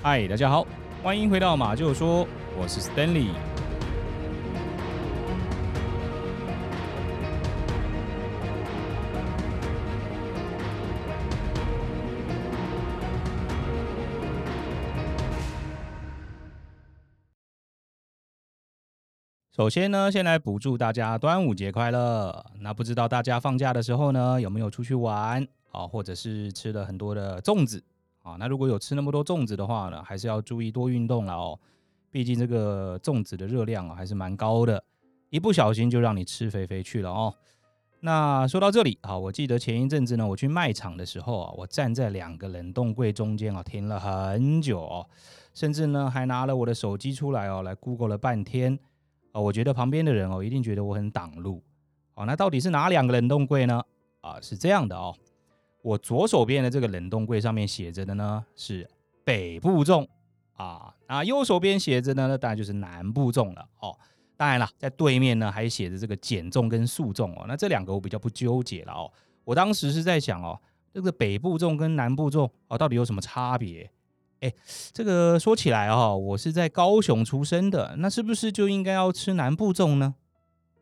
嗨，Hi, 大家好，歡迎回到馬廄說，我是 Stanley。首先呢，先來補祝大家端午節快樂。那不知道大家放假的時候呢，有沒有出去玩啊，或者是吃了很多的粽子？啊，那如果有吃那麼多粽子的話呢，還是要注意多運動了哦。畢竟這個粽子的熱量啊、哦、還是蠻高的，一不小心就讓你吃肥肥去了哦。那說到這裡啊，我記得前一陣子呢，我去賣場的時候啊，我站在兩個冷凍櫃中間啊，停了很久哦，甚至呢還拿了我的手機出來哦，來 Google 了半天啊、哦。我覺得旁邊的人哦，一定覺得我很擋路。好、哦，那到底是哪兩個冷凍櫃呢？啊，是這樣的哦。我左手邊的這個冷凍櫃上面寫着的呢是北部粽啊，那右手邊寫着呢，那當然就是南部粽了哦。當然了，在對面呢還寫着這個鹼粽跟素粽哦。那這兩個我比較不糾結了哦。我當時是在想哦，這個北部粽跟南部粽哦到底有什麼差別？哎、欸，這個說起來哦，我是在高雄出生的，那是不是就應該要吃南部粽呢？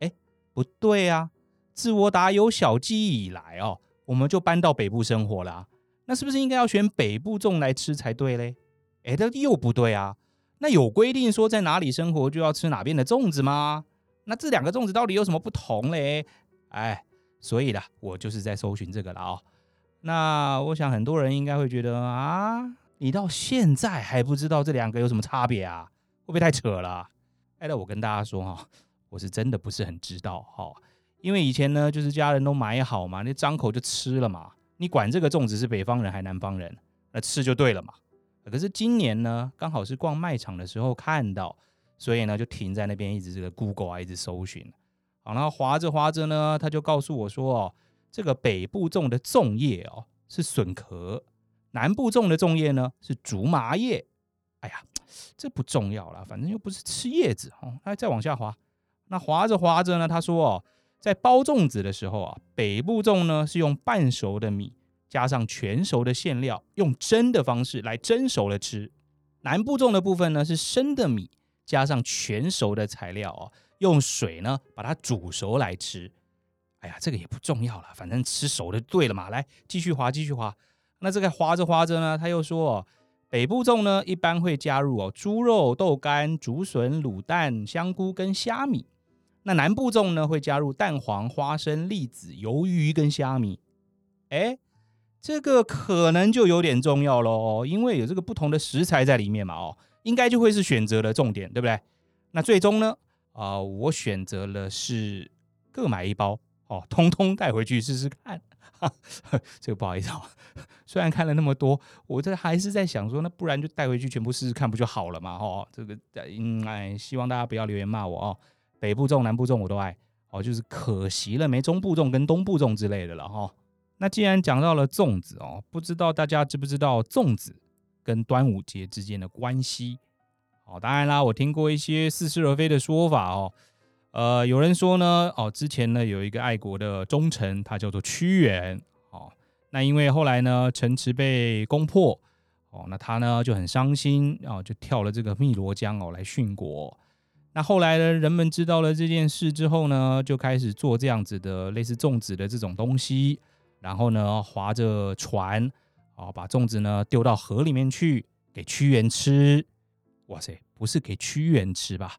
哎、欸，不對啊，自我打有小記憶以來哦。我們就搬到北部生活了啊，那是不是應該要選北部粽來吃才對嘞？哎，這又不對啊！那有規定說在哪裡生活就要吃哪邊的粽子嗎？那這兩個粽子到底有什麼不同嘞？哎，所以啦，我就是在搜尋這個了哦。那我想很多人應該會覺得啊，你到現在還不知道這兩個有什麼差別啊，會不會太扯了？哎，那我跟大家說哈哦，我是真的不是很知道哈。哦。因為以前呢，就是家人都買好嘛，那張口就吃了嘛，你管這個粽子是北方人還是南方人，那吃就對了嘛。可是今年呢，剛好是逛賣場的時候看到，所以呢就停在那邊，一直這個 Google 啊，一直搜尋。好，然後滑着滑着呢，他就告訴我說，哦，這個北部種的粽葉哦是筍殼，南部種的粽葉呢是竹麻葉。哎呀，這不重要啦，反正又不是吃葉子哦。哎，再往下滑，那滑着滑着呢，他說，哦。在包粽子的時候啊，北部粽呢是用半熟的米加上全熟的餡料，用蒸的方式來蒸熟了吃。南部粽的部分呢是生的米加上全熟的材料哦，用水呢把它煮熟來吃。哎呀，這個也不重要了，反正吃熟的對了嘛。來，繼續劃，繼續劃。那這個劃着劃着呢，他又說，北部粽呢一般會加入哦，豬肉、豆干、竹筍、滷蛋、香菇跟蝦米。那南部粽呢，會加入蛋黃、花生、栗子、魷魚跟蝦米，哎、欸，這個可能就有點重要嘍，因為有這個不同的食材在裡面嘛，哦，應該就會是選擇的重點，對不對？那最終呢，啊、呃，我選擇了是各買一包，哦，通通帶回去試試看呵呵。這個不好意思、哦，雖然看了那麼多，我這還是在想說，那不然就帶回去全部試試看不就好了嘛？哦，這個，嗯，哎，希望大家不要留言罵我哦。北部粽、南部粽我都愛，哦，就是可惜了沒中部粽跟東部粽之類的了哈。那既然講到了粽子哦，不知道大家知不知道粽子跟端午節之間的關係？哦，當然啦，我聽過一些似是而非的說法哦。呃，有人說呢，哦，之前呢有一個愛國的忠臣，他叫做屈原，哦，那因為後來呢城池被攻破，哦，那他呢就很傷心，就跳了這個汨羅江哦來殉國。那後來呢，人們知道了這件事之後呢，就開始做這樣子的類似粽子的這種東西，然後呢，划着船，啊，把粽子呢丟到河裡面去給屈原吃。哇塞，不是給屈原吃吧？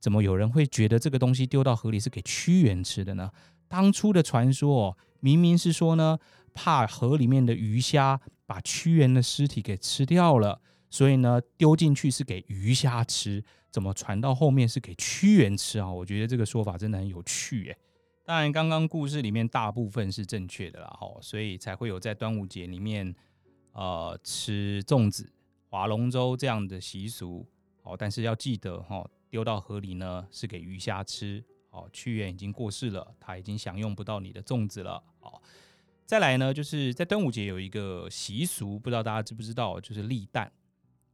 怎麼有人會覺得這個東西丟到河裡是給屈原吃的呢？當初的傳說哦，明明是說呢，怕河裡面的魚蝦把屈原的屍體給吃掉了。所以呢，丟進去是給魚蝦吃，怎麼傳到後面是給屈原吃啊？我覺得這個說法真的很有趣哎。當然，剛剛故事裡面大部分是正確的啦，哦，所以才會有在端午節裡面，呃，吃粽子、划龍舟這樣的習俗。哦，但是要記得，哦，丟到河裡呢是給魚蝦吃。哦，屈原已經過世了，他已經享用不到你的粽子了。哦，再來呢，就是在端午節有一個習俗，不知道大家知不知道，就是立蛋。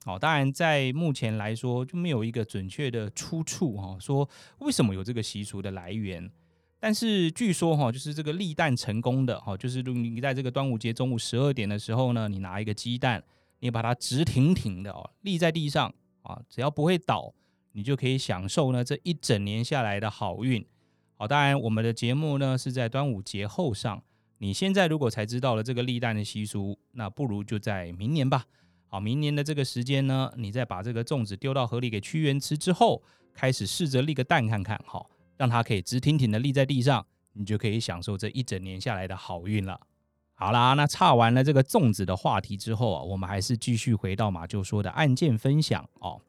好，當然，在目前來說就沒有一個準確的出處哈、啊，說為什麼有這個習俗的來源。但是據說哈、啊，就是這個立蛋成功的哈、啊，就是你在這個端午節中午十二點的時候呢，你拿一個雞蛋，你把它直挺挺的哦、啊、立在地上啊，只要不會倒，你就可以享受呢這一整年下來的好運。好，當然我們的節目呢是在端午節後上，你現在如果才知道了這個立蛋的習俗，那不如就在明年吧。好，明年的這個時間呢，你再把這個粽子丟到河裡給屈原吃之後，開始試着立個蛋看看，好，讓它可以直挺挺的立在地上，你就可以享受這一整年下來的好運了。好啦，那岔完了這個粽子的話題之後啊，我們還是繼續回到馬廄說的案件分享哦。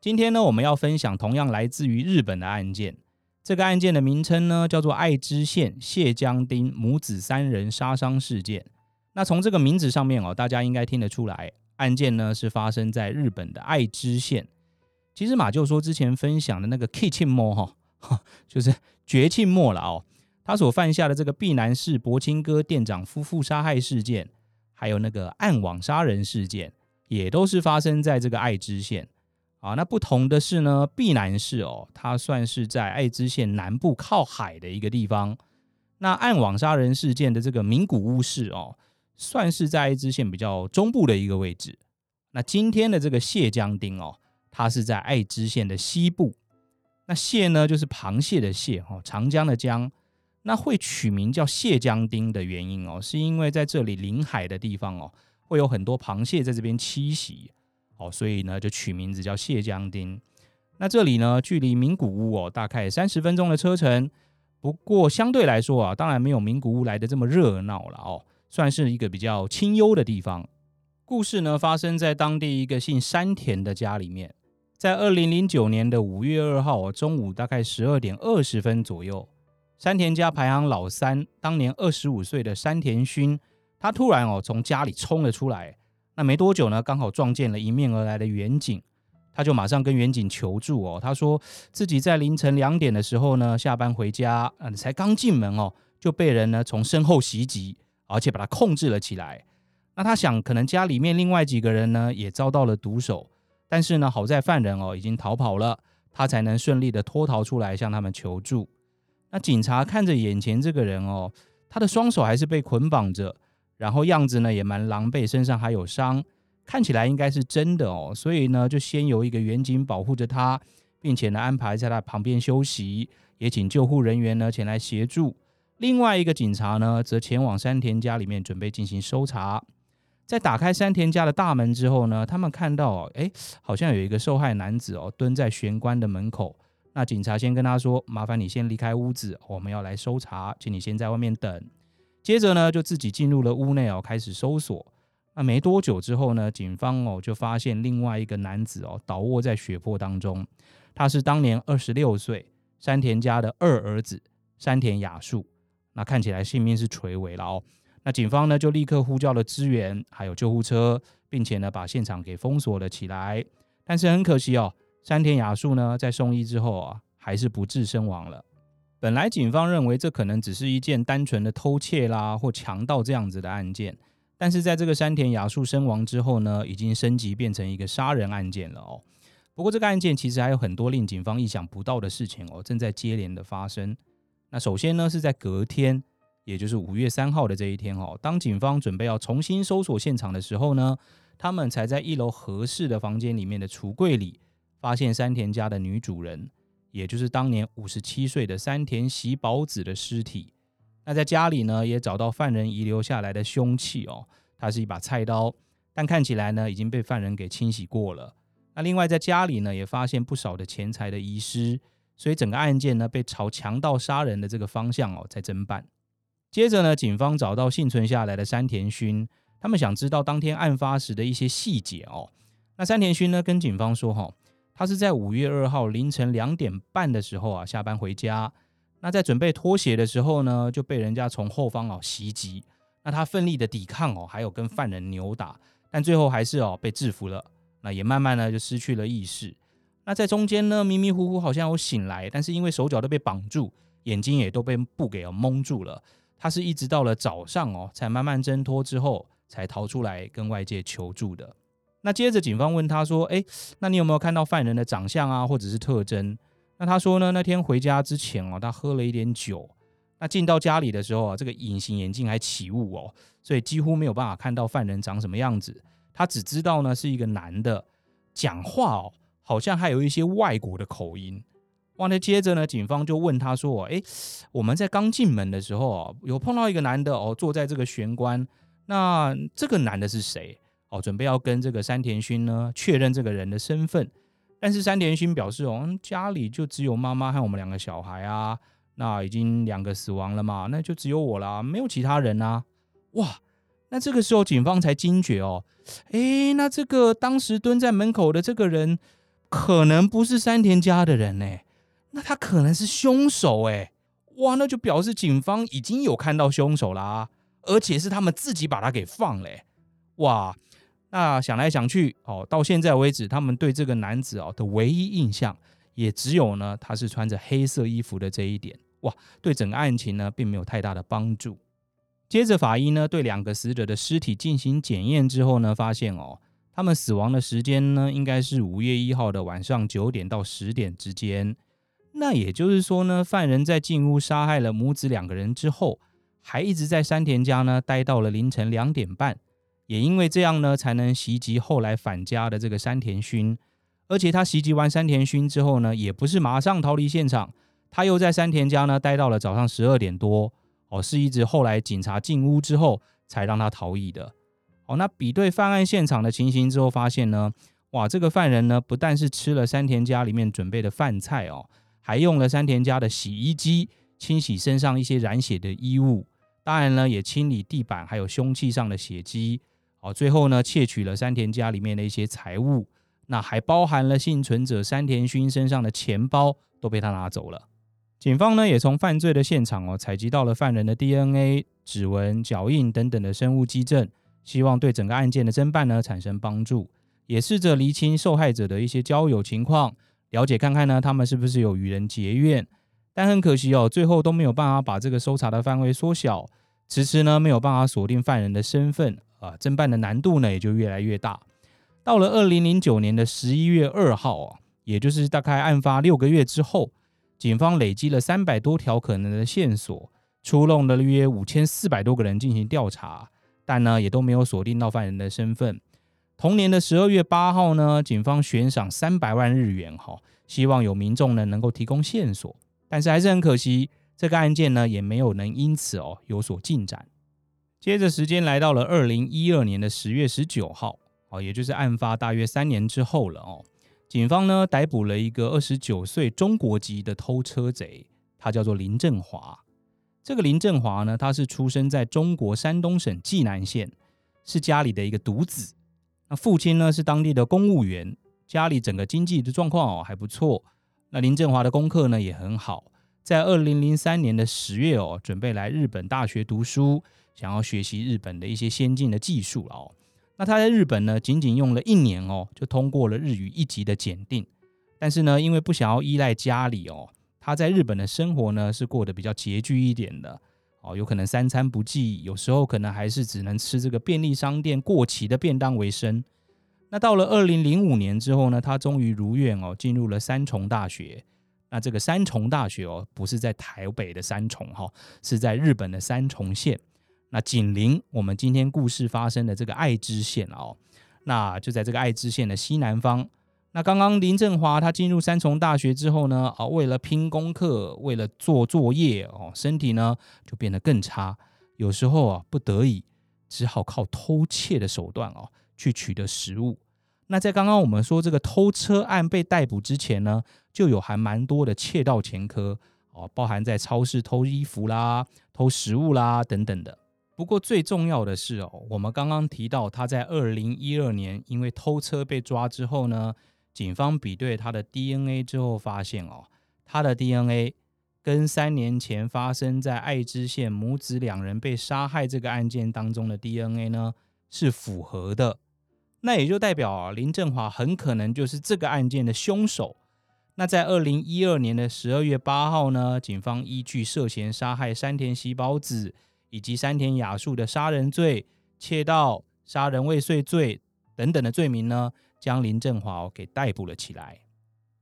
今天呢，我們要分享同樣來自於日本的案件，這個案件的名稱呢叫做愛知縣蟹江町母子三人殺傷事件。那從這個名字上面哦，大家應該聽得出來。案件呢是發生在日本的愛知縣。其實馬廄說之前分享的那個絕慶末哈，就是絕慶末了哦。他所犯下的這個碧南市柏青哥店長夫婦殺害事件，還有那個暗網殺人事件，也都是發生在這個愛知縣。啊，那不同的是呢，碧南市哦，它算是在愛知縣南部靠海的一個地方。那暗網殺人事件的這個名古屋市哦，算是在愛知縣比較中部的一個位置。那今天的這個蟹江町哦，它是在愛知縣的西部。那蟹呢，就是螃蟹的蟹哦，長江的江。那會取名叫蟹江町的原因哦，是因為在這裡臨海的地方哦，會有很多螃蟹在這邊棲息哦，所以呢就取名字叫蟹江町。那這裡呢，距離名古屋哦，大概三十分鐘的車程。不過相對來說啊，當然沒有名古屋來得這麼熱鬧了哦。算是一個比較清幽的地方。故事呢發生在當地一個姓山田的家裡面。在二零零九年的五月二號、哦、中午，大概十二點二十分左右，山田家排行老三，當年二十五歲的山田勳，他突然哦從家裡衝了出來。那沒多久呢，剛好撞見了迎面而來的員警，他就馬上跟員警求助哦，他說自己在凌晨兩點的時候呢下班回家，嗯、呃，才剛進門哦，就被人呢從身後襲擊。而且把他控制了起來。那他想，可能家裡面另外幾個人呢也遭到了毒手，但是呢，好在犯人哦已經逃跑了，他才能順利的脫逃出來，向他們求助。那警察看着眼前這個人哦，他的雙手還是被捆綁着，然後樣子呢也蠻狼狽，身上還有傷，看起來應該是真的哦。所以呢，就先由一個員警保護着他，並且呢安排在他旁邊休息，也請救護人員呢前來協助。另外一個警察呢，則前往山田家裡面準備進行搜查。在打開山田家的大門之後呢，他們看到，哦，哎，好像有一個受害男子哦，蹲在玄關的門口。那警察先跟他說：“麻煩你先離開屋子，我們要來搜查，請你先在外面等。”接着呢，就自己進入了屋內哦，開始搜索。那沒多久之後呢，警方哦就發現另外一個男子哦倒臥在血泊當中。他是當年二十六歲山田家的二兒子山田雅樹。那看起來性命是垂危了哦。那警方呢就立刻呼叫了支援，還有救護車，並且呢把現場給封鎖了起來。但是很可惜哦，山田雅樹呢在送醫之後啊還是不治身亡了。本來警方認為這可能只是一件單純的偷竊啦或強盜這樣子的案件，但是在這個山田雅樹身亡之後呢，已經升級變成一個殺人案件了哦。不過這個案件其實還有很多令警方意想不到的事情哦，正在接連的發生。那首先呢，是在隔天，也就是五月三號的這一天哦，當警方準備要重新搜索現場的時候呢，他們才在一樓和室的房間裡面的櫥櫃裡，發現山田家的女主人，也就是當年五十七歲的山田喜保子的屍體。那在家裡呢，也找到犯人遺留下來的凶器哦，它是一把菜刀，但看起來呢已經被犯人給清洗過了。那另外在家裡呢，也發現不少的錢財的遺失。所以整個案件呢，被朝強盜殺人的這個方向哦在偵辦。接着呢，警方找到幸存下來的山田勳，他們想知道當天案發時的一些細節哦。那山田勳呢，跟警方說哈，他是在五月二號凌晨兩點半的時候啊下班回家，那在準備脫鞋的時候呢，就被人家從後方哦襲擊。那他奮力的抵抗哦，還有跟犯人扭打，但最後還是哦被制服了。那也慢慢呢就失去了意識。那在中間呢，迷迷糊糊好像有醒來，但是因為手腳都被綁住，眼睛也都被布給矇住了。他是一直到了早上哦，才慢慢掙脫之後，才逃出來跟外界求助的。那接着警方問他說：“哎、欸，那你有沒有看到犯人的長相啊，或者是特徵？”那他說呢，那天回家之前哦，他喝了一點酒。那進到家裡的時候啊，這個隱形眼鏡還起霧哦，所以幾乎沒有辦法看到犯人長什麼樣子。他只知道呢是一個男的，講話哦。好像還有一些外國的口音哇！那接着呢，警方就問他說：“哎，我們在剛進門的時候啊，有碰到一個男的哦，坐在這個玄關。那這個男的是誰？哦，準備要跟這個山田勳呢確認這個人的身份。但是山田勳表示哦，家裡就只有媽媽和我們兩個小孩啊。那已經兩個死亡了嘛，那就只有我啦，沒有其他人啊。哇！那這個時候警方才驚覺哦，哎，那這個當時蹲在門口的這個人。可能不是山田家的人呢？欸，那他可能是凶手哎！欸，哇，那就表示警方已經有看到凶手啦，而且是他們自己把他給放了。欸。哇，那想來想去哦，到現在為止，他們對這個男子哦的唯一印象也只有呢，他是穿着黑色衣服的這一點哇，對整個案情呢並沒有太大的幫助。接着法醫呢對兩個死者的屍體進行檢驗之後呢，發現哦。他們死亡的時間呢，應該是五月一號的晚上九點到十點之間。那也就是說呢，犯人在進屋殺害了母子兩個人之後，還一直在山田家呢待到了凌晨兩點半。也因為這樣呢，才能襲擊後來返家的這個山田勳。而且他襲擊完山田勳之後呢，也不是馬上逃離現場，他又在山田家呢待到了早上十二點多。哦，是一直後來警察進屋之後才讓他逃逸的。哦，那比對犯案現場的情形之後，發現呢，哇，這個犯人呢不但是吃了山田家裡面準備的飯菜哦，還用了山田家的洗衣機清洗身上一些染血的衣物，當然呢也清理地板，還有兇器上的血跡。哦，最後呢竊取了山田家裡面的一些財物，那還包含了倖存者山田薰身上的錢包都被他拿走了。警方呢也從犯罪的現場哦採集到了犯人的 DNA、指紋、腳印等等的生物跡證。希望對整個案件的偵辦呢產生幫助，也試着釐清受害者的一些交友情況，了解看看呢他們是不是有與人結怨。但很可惜哦，最後都沒有辦法把這個搜查的範圍縮小，遲遲呢沒有辦法鎖定犯人的身份啊、呃，偵辦的難度呢也就越來越大。到了二零零九年的十一月二號，也就是大概案發六個月之後，警方累積了三百多條可能的線索，出動了約五千四百多個人進行調查。但呢，也都沒有鎖定到犯人的身份。同年的十二月八號呢，警方懸賞三百萬日元，哈，希望有民眾呢能夠提供線索。但是還是很可惜，這個案件呢也沒有能因此哦有所進展。接着時間來到了二零一二年的十月十九號，哦，也就是案發大約三年之後了哦，警方呢逮捕了一個二十九歲中國籍的偷車賊，他叫做林振華。這個林振華呢，他是出生在中國山東省濟南縣，是家裡的一個獨子。那父親呢是當地的公務員，家裡整個經濟的狀況哦還不錯。那林振華的功課呢也很好，在二零零三年的十月哦，準備來日本大學讀書，想要學習日本的一些先進的技術哦。那他在日本呢，僅僅用了一年哦，就通過了日語一級的檢定。但是呢，因為不想要依賴家裡哦。他在日本的生活呢，是過得比較拮據一點的哦，有可能三餐不繼，有時候可能還是只能吃這個便利商店過期的便當為生。那到了二零零五年之後呢，他終於如願哦，進入了三重大學。那這個三重大學哦，不是在台北的三重哈，哦，是在日本的三重縣。那緊鄰我們今天故事發生的這個愛知縣哦，那就在這個愛知縣的西南方。那剛剛林振華他進入三重大學之後呢，啊，為了拼功課，為了做作業，哦，身體呢就變得更差，有時候啊不得已只好靠偷竊的手段哦去取得食物。那在剛剛我們說這個偷車案被逮捕之前呢，就有還蠻多的竊盜前科哦，包含在超市偷衣服啦、偷食物啦等等的。不過最重要的是哦，我們剛剛提到他在二零一二年因為偷車被抓之後呢。警方比對他的 DNA 之後，發現哦，他的 DNA 跟三年前發生在愛知縣母子兩人被殺害這個案件當中的 DNA 呢是符合的，那也就代表、啊、林振華很可能就是這個案件的凶手。那在二零一二年的十二月八號呢，警方依據涉嫌殺害山田喜寶子以及山田雅樹的殺人罪、竊盜、殺人未遂罪等等的罪名呢。將林振華給逮捕了起來。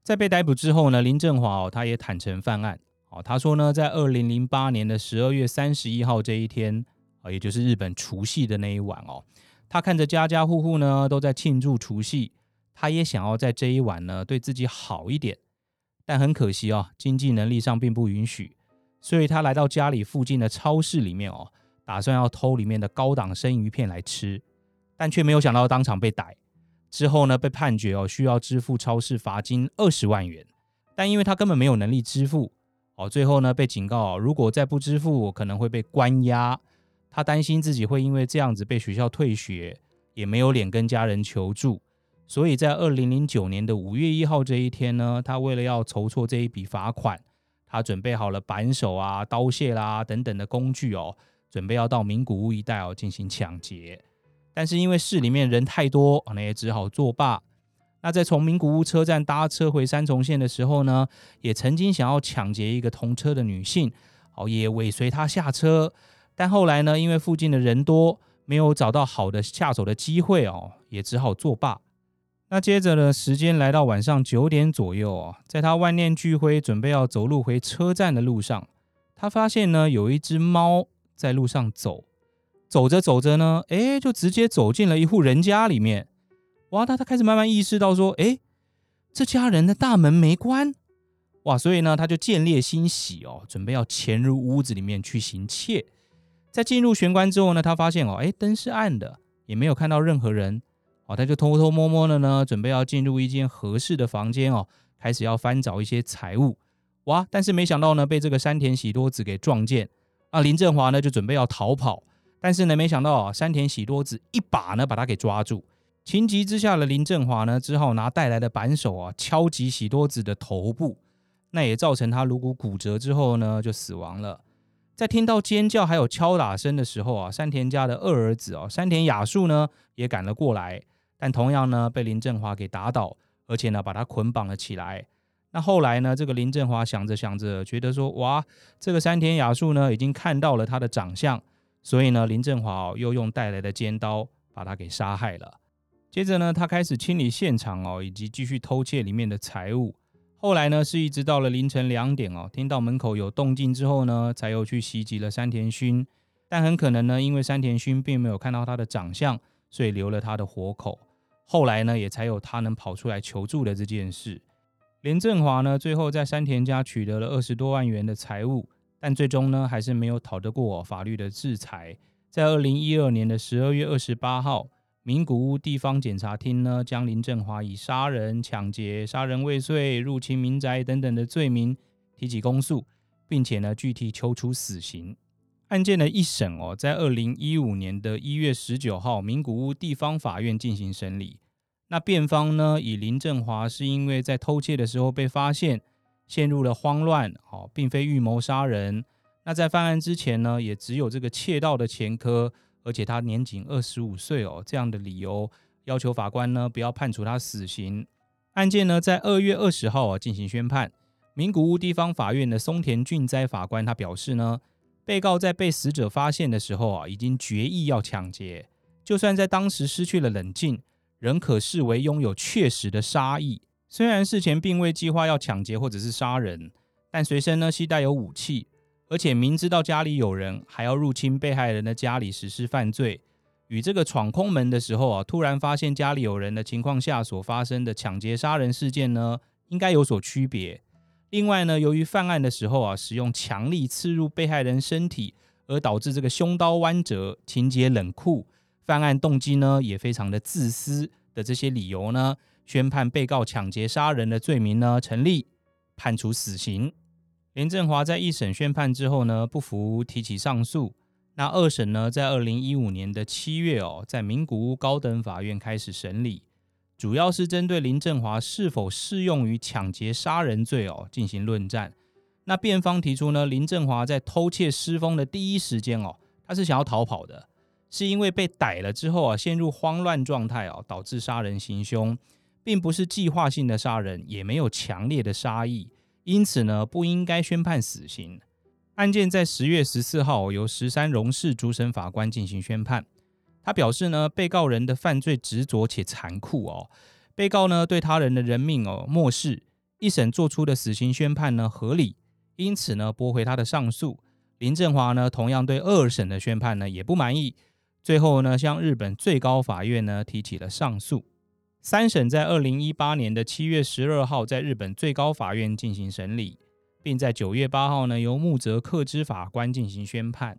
在被逮捕之後呢，林振華哦，他也坦承犯案。哦，他說呢，在二零零八年的十二月三十一號這一天，啊、哦，也就是日本除夕的那一晚哦，他看着家家戶戶呢都在慶祝除夕，他也想要在這一晚呢對自己好一點，但很可惜哦，經濟能力上並不允許，所以他來到家裡附近的超市裡面哦，打算要偷裡面的高檔生魚片來吃，但卻沒有想到當場被逮。之後呢，被判決哦，需要支付超市罰金二十萬元，但因為他根本沒有能力支付哦，最後呢被警告哦，如果再不支付，可能會被關押。他擔心自己會因為這樣子被學校退學，也沒有臉跟家人求助，所以在二零零九年的五月一號這一天呢，他為了要籌措這一筆罰款，他準備好了扳手啊、刀械啦等等的工具哦，準備要到名古屋一帶哦，進行搶劫。但是因為市裡面人太多，哦，那也只好作罷。那在從名古屋車站搭車回三重縣的時候呢，也曾經想要搶劫一個同車的女性，哦，也尾隨她下車。但後來呢，因為附近的人多，沒有找到好的下手的機會哦，也只好作罷。那接着呢，時間來到晚上九點左右哦，在他萬念俱灰，準備要走路回車站的路上，他發現呢，有一隻貓在路上走。走着走着呢，哎，就直接走進了一戶人家裡面。哇，他他開始慢慢意識到說，哎，這家人的大門沒關，哇，所以呢，他就見獵心喜哦，準備要潛入屋子裡面去行竊。在進入玄關之後呢，他發現哦，哎，燈是暗的，也沒有看到任何人，哦、啊，他就偷偷摸摸的呢，準備要進入一間合適的房間哦，開始要翻找一些財物。哇，但是沒想到呢，被這個山田喜多子給撞見。啊，林振華呢，就準備要逃跑。但是呢，沒想到啊，山田喜多子一把呢，把他給抓住。情急之下的林振華呢，只好拿帶來的扳手啊敲擊喜多子的頭部，那也造成他顱骨骨折之後呢就死亡了。在聽到尖叫還有敲打聲的時候啊，山田家的二兒子啊山田雅樹呢也趕了過來，但同樣呢被林振華給打倒，而且呢把他捆綁了起來。那後來呢，這個林振華想着想着，覺得說哇，這個山田雅樹呢已經看到了他的長相。所以呢，林振華哦，又用帶來的尖刀把他給殺害了。接着呢，他開始清理現場哦，以及繼續偷竊裡面的財物。後來呢，是一直到了凌晨兩點哦，聽到門口有動靜之後呢，才又去襲擊了山田勳。但很可能呢，因為山田勳並沒有看到他的長相，所以留了他的活口。後來呢，也才有他能跑出來求助的這件事。林振華呢，最後在山田家取得了二十多萬元的財物。但最終呢，還是沒有逃得過法律的制裁。在二零一二年的十二月二十八號，名古屋地方檢察廳呢，將林振華以殺人、搶劫、殺人未遂、入侵民宅等等的罪名提起公訴，並且呢，具體求處死刑。案件的一審哦，在二零一五年的一月十九號，名古屋地方法院進行審理。那辯方呢，以林振華是因為在偷竊的時候被發現。陷入了慌亂，好、哦，並非預謀殺人。那在犯案之前呢，也只有這個竊盜的前科，而且他年僅二十五歲哦，這樣的理由要求法官呢，不要判處他死刑。案件呢，在二月二十號啊進行宣判。名古屋地方法院的松田俊哉法官他表示呢，被告在被死者發現的時候啊，已經決意要搶劫，就算在當時失去了冷靜，仍可視為擁有確實的殺意。雖然事前並未計劃要搶劫或者是殺人，但隨身呢攜帶有武器，而且明知道家裡有人還要入侵被害人的家裡實施犯罪，與這個闖空門的時候啊突然發現家裡有人的情況下所發生的搶劫殺人事件呢，應該有所區別。另外呢，由於犯案的時候啊使用強力刺入被害人身體而導致這個兇刀彎折，情節冷酷，犯案動機呢也非常的自私的這些理由呢。宣判被告搶劫殺人的罪名呢成立，判處死刑。林振華在一審宣判之後呢不服，提起上訴。那二審呢在二零一五年的七月哦，在名古屋高等法院開始審理，主要是針對林振華是否適用於搶劫殺人罪哦進行論戰。那辯方提出呢，林振華在偷竊失風的第一時間哦，他是想要逃跑的，是因為被逮了之後啊陷入慌亂狀態哦，導致殺人行兇。並不是計劃性的殺人，也沒有強烈的殺意，因此呢，不應該宣判死刑。案件在十月十四號由十三榮市主審法官進行宣判，他表示呢，被告人的犯罪執着且殘酷哦，被告呢對他人的人命哦漠視，一審作出的死刑宣判呢合理，因此呢駁回他的上訴。林振華呢同樣對二審的宣判呢也不滿意，最後呢向日本最高法院呢提起了上訴。三審在二零一八年的七月十二號在日本最高法院進行審理，並在九月八號呢由木澤克之法官進行宣判。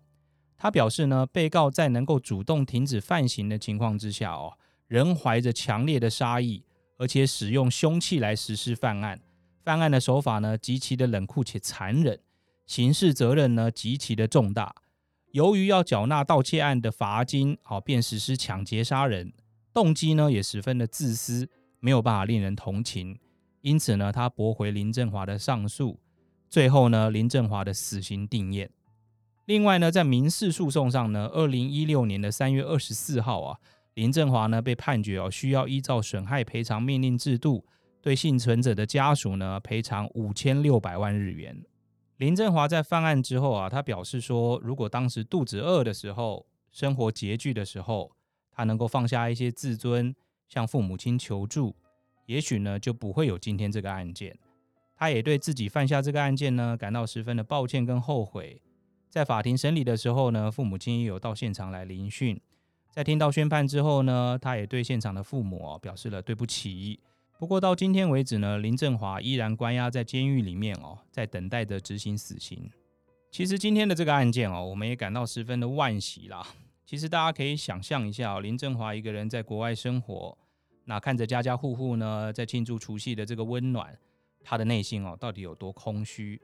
他表示呢，被告在能夠主動停止犯行的情況之下哦，仍懷着強烈的殺意，而且使用兇器來實施犯案。犯案的手法呢極其的冷酷且殘忍，刑事責任呢極其的重大。由於要繳納盜竊案的罰金，好便實施搶劫殺人。動機呢也十分的自私，沒有辦法令人同情，因此呢，他駁回林振華的上訴，最後呢，林振華的死刑定讞。另外呢，在民事訴訟上呢，二零一六年的三月二十四號啊，林振華呢被判決哦，需要依照損害賠償命令制度，對倖存者的家屬呢賠償五千六百萬日元。林振華在犯案之後啊，他表示說，如果當時肚子餓的時候，生活拮據的時候。他能夠放下一些自尊，向父母親求助，也許呢就不會有今天這個案件。他也對自己犯下這個案件呢感到十分的抱歉跟後悔。在法庭審理的時候呢，父母親也有到現場來聆訊。在聽到宣判之後呢，他也對現場的父母哦，表示了對不起。不過到今天為止呢，林振華依然關押在監獄裡面哦，在等待着執行死刑。其實今天的這個案件哦，我們也感到十分的惋惜啦。其實大家可以想象一下哦，林振華一個人在國外生活，那看着家家戶戶呢在慶祝除夕的這個溫暖，他的內心哦到底有多空虛？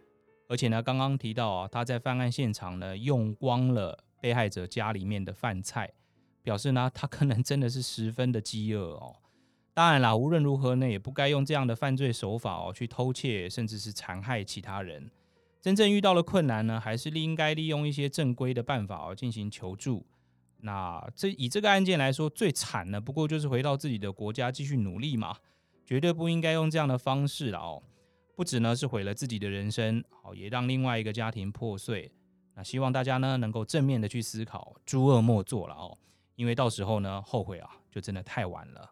而且呢，剛剛提到哦，他在犯案現場呢用光了被害者家裡面的飯菜，表示呢他可能真的是十分的飢餓哦。當然啦，無論如何呢也不該用這樣的犯罪手法哦去偷竊，甚至是殘害其他人。真正遇到了困難呢，還是應該利用一些正規的辦法哦進行求助。那這以這個案件來說，最慘的不過就是回到自己的國家繼續努力嘛，絕對不應該用這樣的方式了哦。不止呢是毀了自己的人生，好也讓另外一個家庭破碎。那希望大家呢能夠正面的去思考，諸惡莫作了哦，因為到時候呢後悔啊就真的太晚了。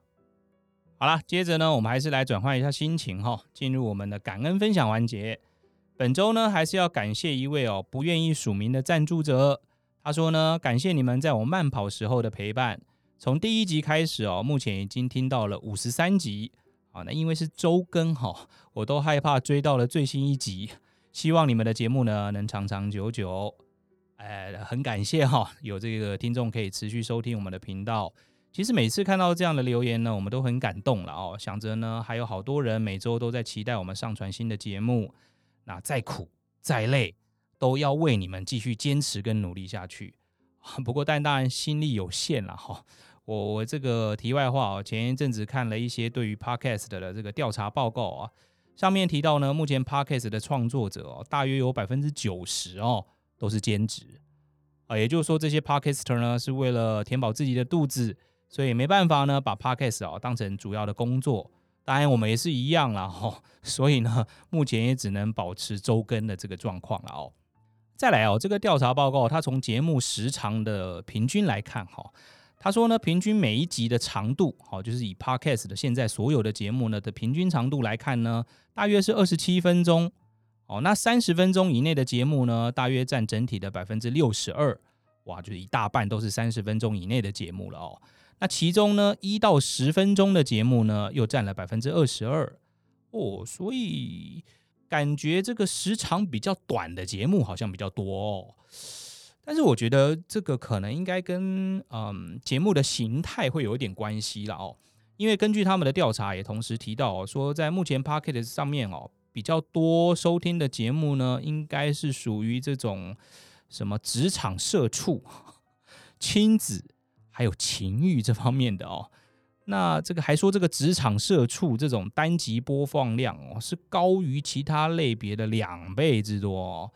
好了，接着呢我們還是來轉換一下心情哈、哦，進入我們的感恩分享環節。本周呢還是要感謝一位哦不願意署名的贊助者。他說呢，感謝你們在我慢跑時候的陪伴。從第一集開始哦，目前已經聽到了五十三集。好、啊，那因為是周更哦，我都害怕追到了最新一集。希望你們的節目呢能長長久久。哎、呃，很感謝哈、哦，有這個聽眾可以持續收聽我們的頻道。其實每次看到這樣的留言呢，我們都很感動了哦。想着呢，還有好多人每周都在期待我們上傳新的節目。那再苦再累。都要為你們繼續堅持跟努力下去，不過但當然心力有限了哈。我我這個題外話哦，前一陣子看了一些對於 Podcast 的這個調查報告啊，上面提到呢，目前 Podcast 的創作者哦，大約有百分之九十哦都是兼職啊，也就是說，這些 Podcaster 呢是為了填飽自己的肚子，所以沒辦法呢把 Podcast 啊當成主要的工作。當然，我們也是一樣啦。哈，所以呢目前也只能保持周更的這個狀況了哦。再來哦，這個調查報告，它從節目時長的平均來看，哈，他說呢，平均每一集的長度，好，就是以 Podcast 的現在所有的節目呢的平均長度來看呢，大約是二十七分鐘，哦，那三十分鐘以內的節目呢，大約占整體的百分之六十二，哇，就是一大半都是三十分鐘以內的節目了哦，那其中呢，一到十分鐘的節目呢，又占了百分之二十二，哦，所以。感覺這個時長比較短的節目好像比較多哦，但是我覺得這個可能應該跟嗯節目的形態會有一點關係了哦。因為根據他們的調查也同時提到哦說，在目前 Pocket 上面哦，比較多收聽的節目呢，應該是屬於這種什麼職場、社畜、親子還有情欲這方面的哦。那這個還說這個職場社畜這種單集播放量哦，是高於其他類別的兩倍之多哦。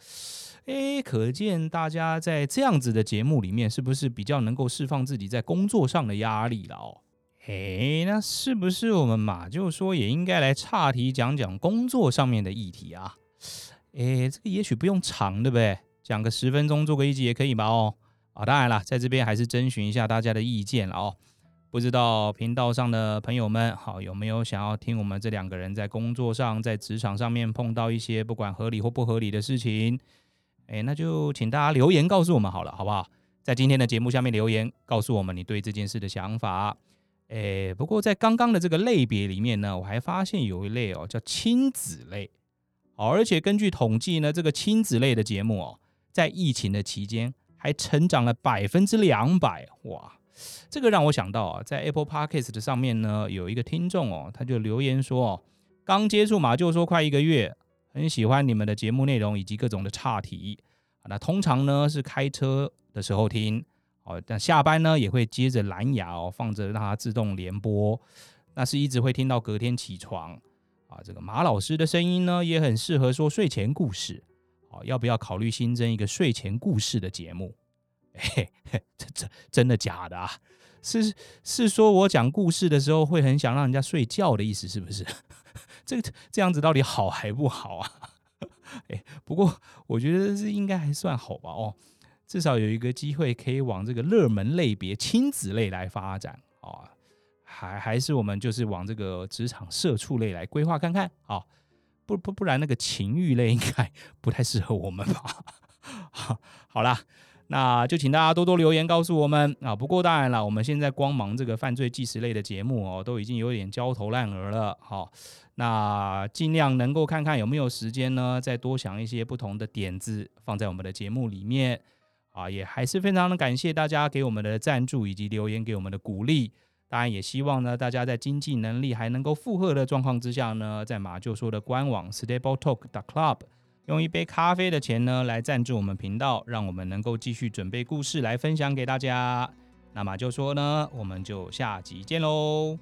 哎，可見大家在這樣子的節目裡面，是不是比較能夠釋放自己在工作上的壓力了哦？哎，那是不是我們馬廄說也應該來岔題講講工作上面的議題啊？哎，這個也許不用長對不對？講個十分鐘做個一集也可以吧哦。啊、哦，當然了，在這邊還是徵詢一下大家的意見了哦。不知道頻道上的朋友們，好，有沒有想要聽我們這兩個人在工作上，在職場上面碰到一些不管合理或不合理的事情，哎，那就請大家留言告訴我們好了，好不好？在今天的節目下面留言告訴我們你對這件事的想法。哎，不過在剛剛的這個類別裡面呢，我還發現有一類哦，叫親子類。好，而且根據統計呢，這個親子類的節目哦，在疫情的期間還成長了百分之兩百，哇！這個讓我想到啊，在 Apple Podcast 的上面呢，有一個聽眾哦，他就留言說哦，剛接觸馬廄說快一個月，很喜歡你們的節目內容以及各種的岔題。那通常呢是開車的時候聽，哦，但下班呢也會接着藍牙哦，放着讓它自動連播，那是一直會聽到隔天起床。啊，這個馬老師的聲音呢也很適合說睡前故事。好，要不要考慮新增一個睡前故事的節目？嘿、欸，這這真的假的啊？是是說，我講故事的時候會很想讓人家睡覺的意思是不是？這個這樣子到底好還不好啊？哎、欸，不過我覺得這應該還算好吧哦，至少有一個機會可以往這個熱門類別親子類來發展啊、哦。還還是我們就是往這個職場社畜類來規劃看看啊、哦。不不不然那個情慾類應該不太適合我們吧？好、哦，好啦那就請大家多多留言告訴我們啊！不過當然了，我們現在光忙這個犯罪紀實類的節目哦，都已經有點焦頭爛額了。好，那盡量能夠看看有沒有時間呢，再多想一些不同的點子放在我們的節目裡面啊，也還是非常的感謝大家給我們的贊助以及留言給我們的鼓勵。當然也希望呢，大家在經濟能力還能夠負荷的狀況之下呢，在馬廄說的官網 Stable Talk Club。用一杯咖啡的錢呢，來贊助我們頻道，讓我們能夠繼續準備故事來分享給大家。那麼馬廄說呢，我們就下集見嘍。